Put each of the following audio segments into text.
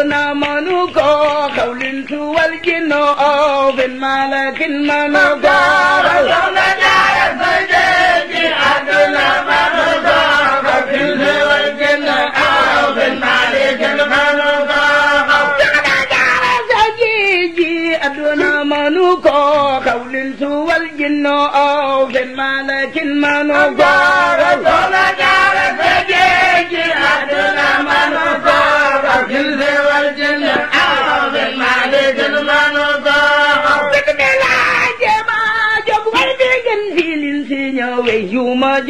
عدنا منوكو خولنت والجنو بن مالك منوكو خولنا دار بديك عدنا منوكو خولنت والجنو بن مالك منوكو أدنا منوكو خولنت والجنو بن مالك منوكو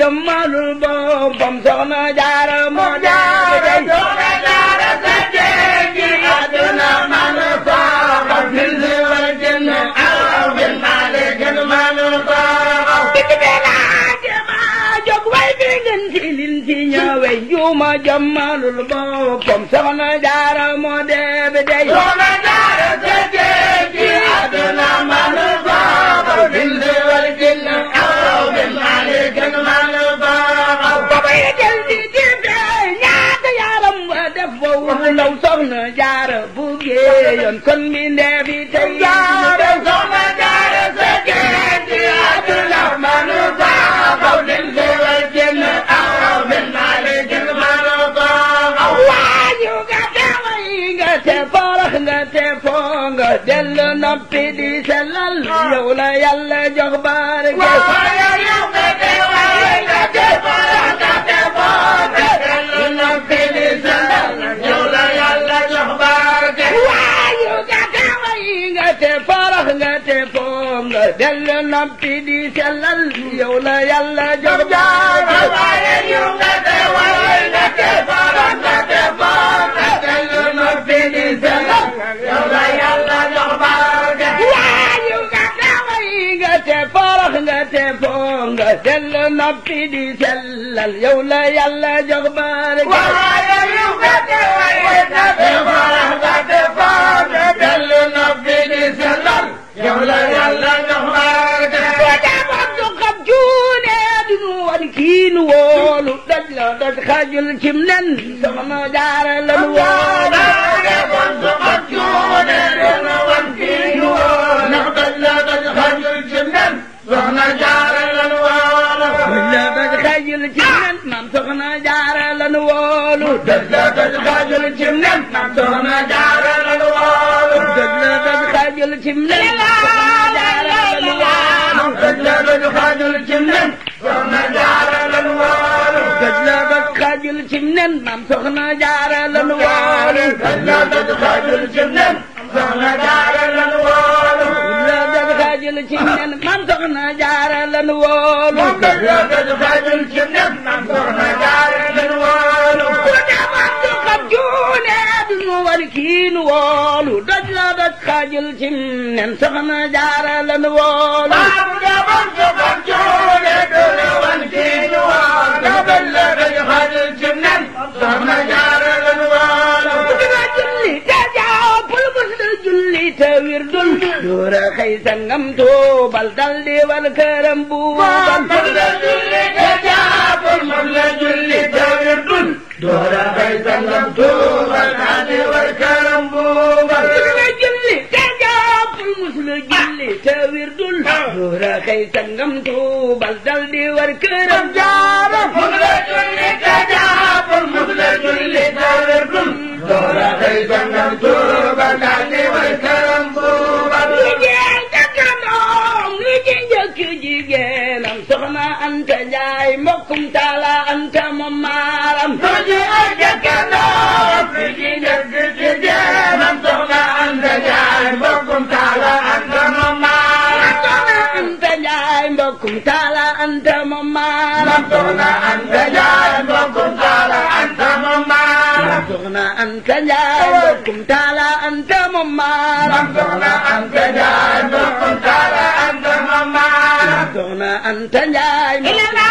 jëmmalul boppam soxna jaara moo jaara soxna jaara sa jéggi àdduna man faaxal min si war jënn alaw bin maale gën man faaxal dëgg bee laa jóg way fi ngeen si lin si ñëwee juuma jëmmalul boppam soxna jaara moo deebe dey soxna jaara soxna jaara bu géeyoon kon bi ndeefi tey jaara soxna jaara sa géej gi abdourahmanu baaxaw leen léewal génn aw mel naa leen génn mano baaxaw waaju nga teewal nga te farax nga te foo nga dellu noppi di sellal ah. yow la yàlla jox baar dellu noppi di sellal yow la yàlla jox jaara waaye ñu nga teewal nga teewal nga teewal nga dellu noppi di sellal yow la yàlla jox barke waaye ñu nga teewal nga teewal nga teewal nga dellu noppi di sellal yow la yàlla jox barke waaye ñu nga teewal nga teewal nga teewal nga dellu noppi di sellal yow la yàlla doj xajul cim nen sama ma jaara lan woon kon su ma cuune den wan fii woon ndax doj la doj xajul cim nen soxna jaara lan woon doj la doj xajul cim nen maam soxna jaara lan woolu doj la doj xajul cim nen maam soxna jaara lan woolu doj la doj xajul cim nen soxna jaara lan woolu doj la doj xajul cim nen nen maam soxna jaara lan waalo la dag xaajal ci nen soxna jaara lan waalo la dag xaajal ci nen maam soxna jaara lan waalo la dag xaajal ci nen maam soxna jaara lan waalo ku demat du xam juune nu war kiin woolu daj la daj xaajal ci nen soxna jaara lan waalo ku demat du xam juune nu war kiin woolu daj la daj xaajal soxna jaara lañu waalo ku diga julli te jaaw pul muslim julli te wirdul door a xëy sangam tuubal dal di wal këram buubal pul muslim julli te jaaw pul muslim julli te wirdul door a xëy sangam tuubal dal di wal këram buubal ku diga julli te jaaw pul muslim julli te wirdul ah. door a xëy sangam tuubal dal di wal këram jaara pul muslim julli te jaaw kon mos la julli tawétul doora xëy jàngal tuuba ndaati way karam buuba jigéen takkandoom li ci njëkk jigéenam soxna Anta Njaay mbokkum taala Anta moom maaram tuuti ay takkandoom li ci njëkk jigéenam soxna Anta Njaay mbokkum taala Anta moom maaram soxna Anta Njaay mbokkum taala Anta moom maaram soxna Anta Njaay soxna Anta Njaay mbokkum taala Anta moom maaram soxna Anta Njaay mbokkum taala Anta moom maaram soxna Anta Njaay soxna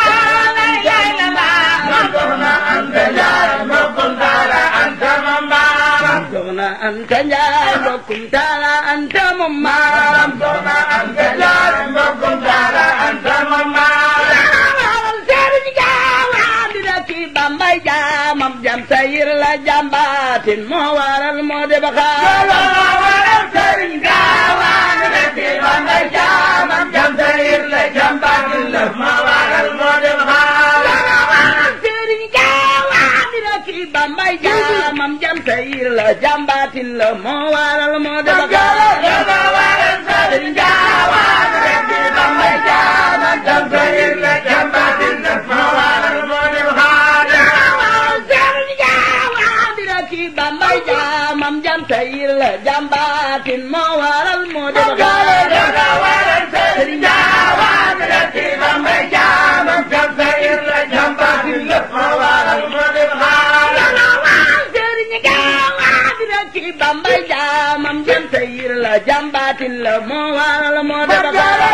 Anta Njaay mbokkum taala Anta moom maaram batin moo waral moo de baxaar moo waral sëriñ gaawaan la fi bambay jaamam jam sëriñ la jam batin la moo waral moo de baxaar moo waral sëriñ gaawaan la fi bambay jaamam jam sëriñ la jam batin la moo waral moo de baxaar anta yilla jàmbaatin moo waral moo dem gaale daga waral sëriñ jaawaan la ti bambay jaamam anta yilla jàmbaatin la moo waral moo dem gaale daga waral sëriñ jaawaan la ti bambay jaamam anta yilla jàmbaatin la moo waral moo dem gaale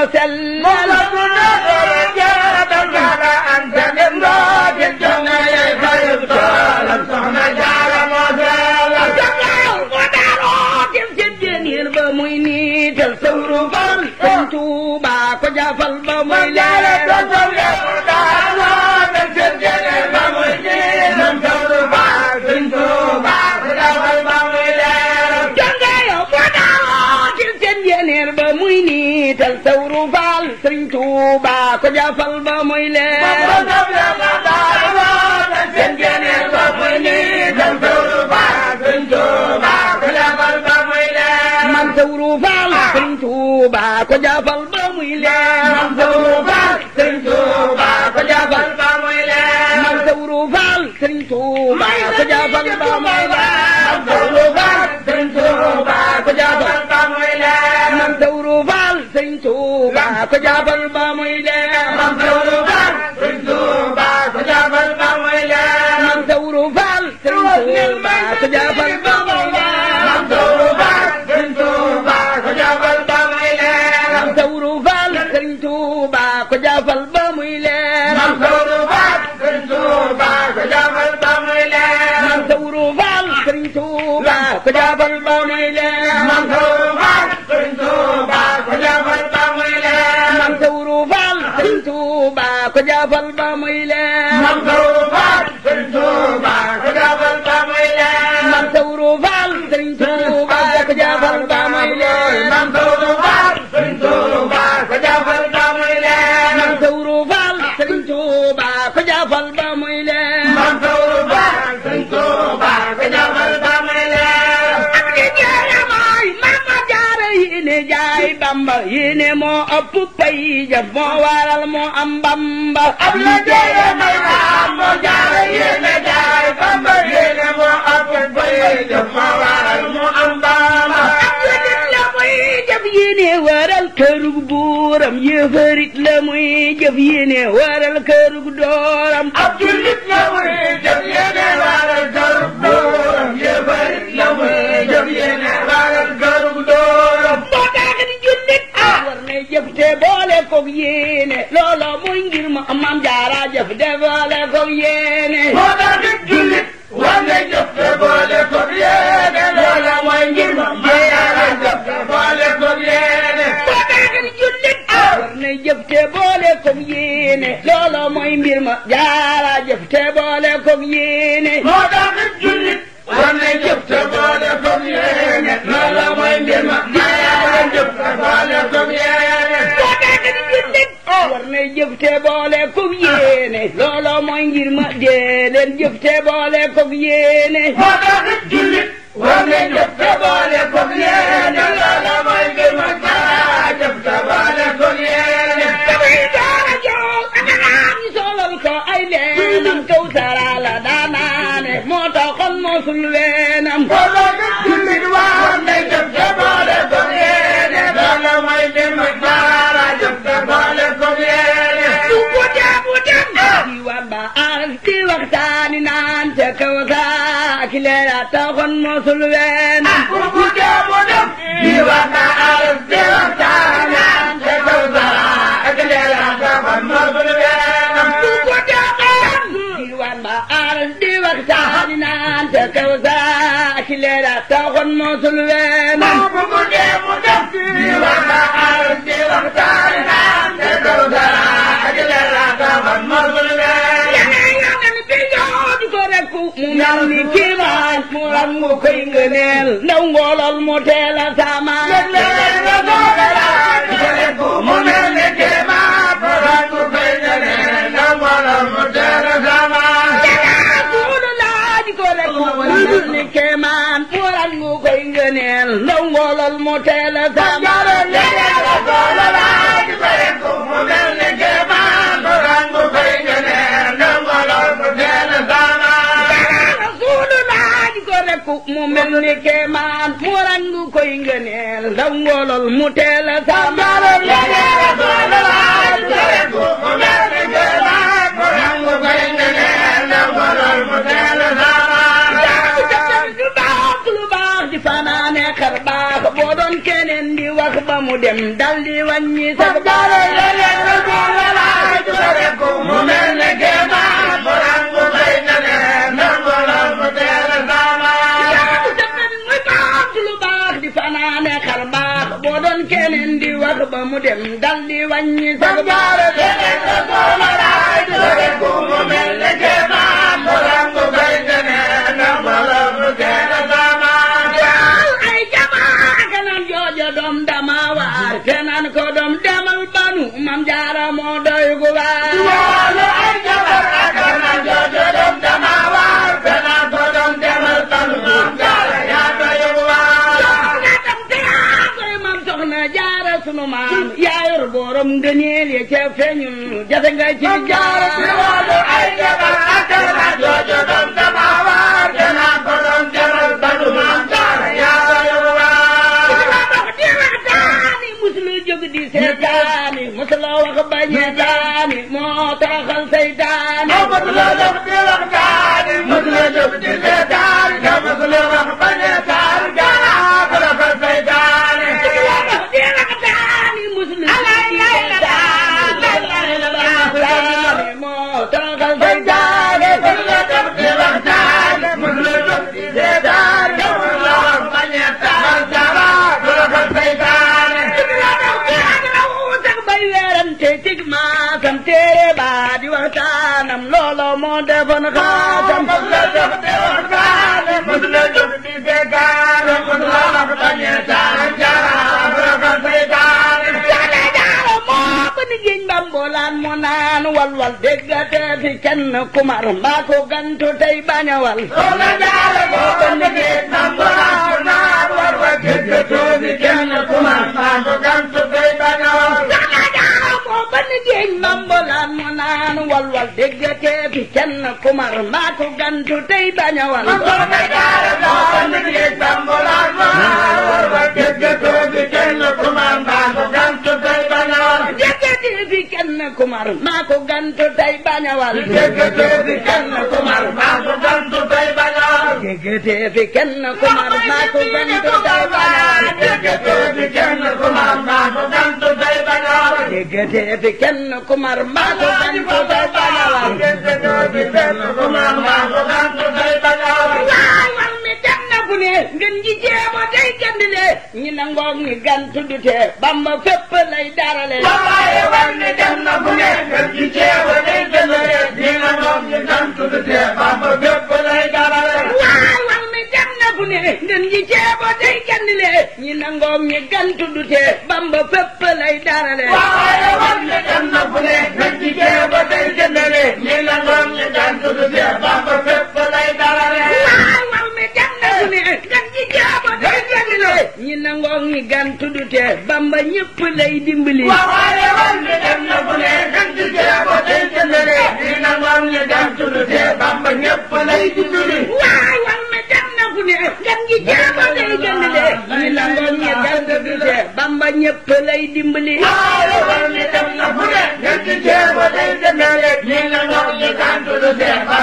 moo sellal Tuuba ko jafal ba muy leen seen geneel ba muy nii seen sawru faal sëñ Tuuba ko jafal ba muy leen man sawru faal sëñ Tuuba ko jafal ba muy leen man sawru faal sëñ Tuuba ko jafal ba muy leen man sawru faal sëñ Tuuba ko jafal ba muy leen ku jaabal ba muy dee. maam Sawru Faal. Sëriñ Tuuba ku jaabal ba muy dee. maam Sawru Faal. Sëriñ Tuuba ku jaabal ba muy dee. maam Sawru Faal. Sëriñ Tuuba ku jaabal ba muy dee. maam Sawru Faal. Sëriñ Tuuba ku jaabal ba muy dee. maam Sawru Faal. Sëriñ Tuuba ku jaabal ba muy dee. maam Sawru Faal. Sëriñ Tuuba ku jaabal ba muy dee. maam Sawru Faal. Sëriñ Tuuba. ko jaafal ba muy leer. Bamba yéene moo ëpp pay jëf moo waral moo am Bamba ab la jëye may na am moo jaara yéene jaara Bamba yéene moo ëpp pay jëf moo waral moo am Bamba ab la nit la muy jëf yéene waral kërug buuram yëfarit la muy jëf yéene waral kërug dooram ab jullit la muy jëf yéene waral kërug buuram yëfarit la muy jëf yéene jëf te boole koog looloo mooy ngir ma dee leen boole koog yéene moo tax jullit war nga jëf te mooy ngir ma dee jëf boole koog yéene damay doora jóg anaa ñu solal taxoon mosul ween ku gudde mu dem di waxtaan di waxtaan te taw dara ak leeral taxoon mosul ween ku gudde xelam di waxtaan di waxtaan naan te taw dara ak leeral taxoon mosul ween ku gudde mu dem di waxtaan di waxtaan naan te taw dara ak leeral taxoon mosul ween moo koy ngëneel ndaw ngoolal mu teel a sama Kéemaan fuuran mu koy ngëneel ndaw ngoolal mu teel a sama di kemaan mu rangu koy ngëneel ndaw ngóolol mu teel a sàmbaroon leneen doole laaj mu mel ni kemaan mu rangu koy ngëneel ndaw ngóolol mu teel a sàmbaroon lu baax lu baax di fanaane xar baax boo doon keneen di wax ba mu dem dal di wàññi sa la feeñul jafe nga ci jaar خاتم mbolaan mu naan wal wal déggate fi kenn kumar mbaa ko gantu tey bañ a wal soxna jaara boo ko liggéey mbolaan mu naan wal wal déggate fi kenn kumar mbaa ko gantu jéeg mambolaan mu naan walwal dégg kee fi kenn kumar maa ko gantu tey bañ a wal. moo ko liggéey mambolaan mu naan walwal dégg kee fi kenn kumar maa ko gantu tey bañ a wal. dégg kee fi kenn kumar maa ko gantu tey bañ a wal. dégg kee fi kenn kumar maa ko gantu tey bañ a wal. dégg kee fi kenn kumar maa ko gantu tey bañ a wal. dégg kee fi kenn kumar maa ko gantu tey bañ a wal. déggate fi kenn ku mar mbaa ko gantu day bañawal déggate kenn ku mar mbaa ko gantu day bañawal waay war mi dem na a ne ngeen ji jéema day gandile ñi nangoo ni gantu du tee bamba fépp lay darale waay war na ku ñi nangoo ni bamba fépp ne ngeen ji ceebo day gandile ñi nangoom ñi gantu du tee bamba fépp lay darale waaye war ñi gan na fu ne ngeen ji ceebo day gandile ñi nangoom ñi gantu du tee bamba fépp lay darale waaw war mi gan na fu ne ngeen ji ceebo day gandile ñi nangoom ñi gantu du tee bamba ñëpp lay dimbali waaye war mi gan na fu ne ngeen ji ceebo day gandile ñi nangoom ñi gantu du tee bamba ñëpp lay dimbali ku ne gan gi jaaba day jëndale ñu nangoo ñe gan gi bise bamba ñëpp lay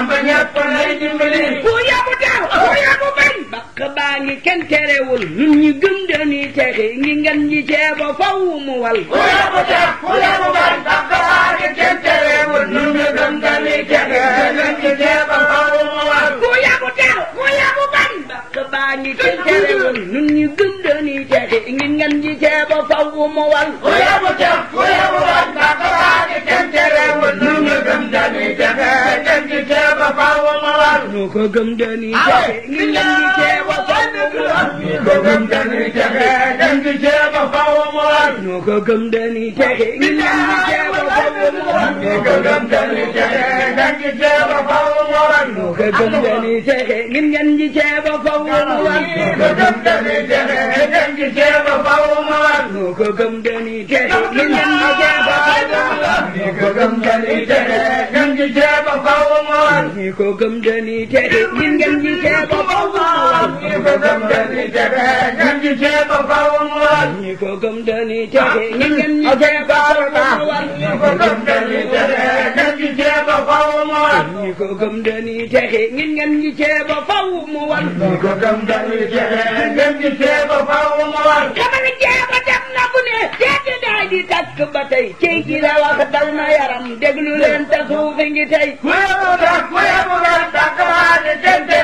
bañ bakk baa ngi kenn terewul ñun ñu gëm dañuy ngi ngan gi jaaba faw mu wal ku yabu daaw ku yabu bañ bakk baa ngi kenn terewul ñun ñu gëm dañuy texe ngi ngan gi jaaba ni tel terewul nun ñu gëm dañuy texe ngir ngeen ji ceeba faw mu wal ku yebu ceeb ku yebu wal ndax damaa ni tel terewul nun ñu gëm dañuy texe ngeen ji ceeba faw ñu ko gëm dañuy jafe ngir ngeen di ceeba faw mu war. ñu ko gëm dañuy jafe ngeen di ceeba faw mu war. ñu ko gëm dañuy jafe ngir ngeen di ceeba faw mu war. ñu ko gëm dañuy jafe ngeen di ceeba faw mu war. ñu ko gëm dañuy jafe ngir ngeen di ceeba faw mu war. ñu ko gëm dañuy jafe ngeen di ceeba faw mu war. ñu ko gëm dañuy jafe ngir ngeen di ceeba. ko gëm dañuy tere ngeen di tee ba faw mool. ñi ko gëm dañuy tere ngeen di tee ba faw mool. ñi ko gëm dañuy tere ngeen di tee ba faw mool. ñi ko gëm dañuy tere ngeen di tee ba faw mool. ñi ko gëm dañuy tere ngeen di tee ba faw mool. ñi ko gëm dañuy tere ngeen di tee ba faw mool. ñi ko gëm dañuy tere ngeen di tee ba faw mool. di takk ba tey ci ki la wax dal na yaram déglu leen te suufi ngi tey ku yëngu takk ku yëngu